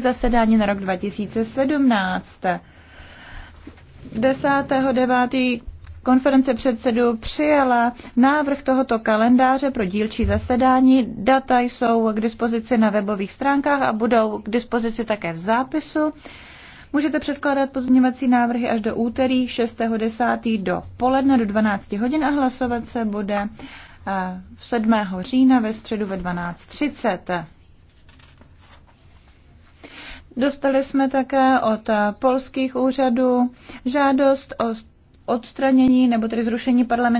zasedání na rok 2017. 10.9. konference předsedů přijala návrh tohoto kalendáře pro dílčí zasedání. Data jsou k dispozici na webových stránkách a budou k dispozici také v zápisu. Můžete předkládat pozměňovací návrhy až do úterý 6.10. do poledne do 12 hodin a hlasovat se bude 7. Eh, října ve středu ve 12.30. Dostali jsme také od polských úřadů žádost o odstranění nebo tedy zrušení parlamentu.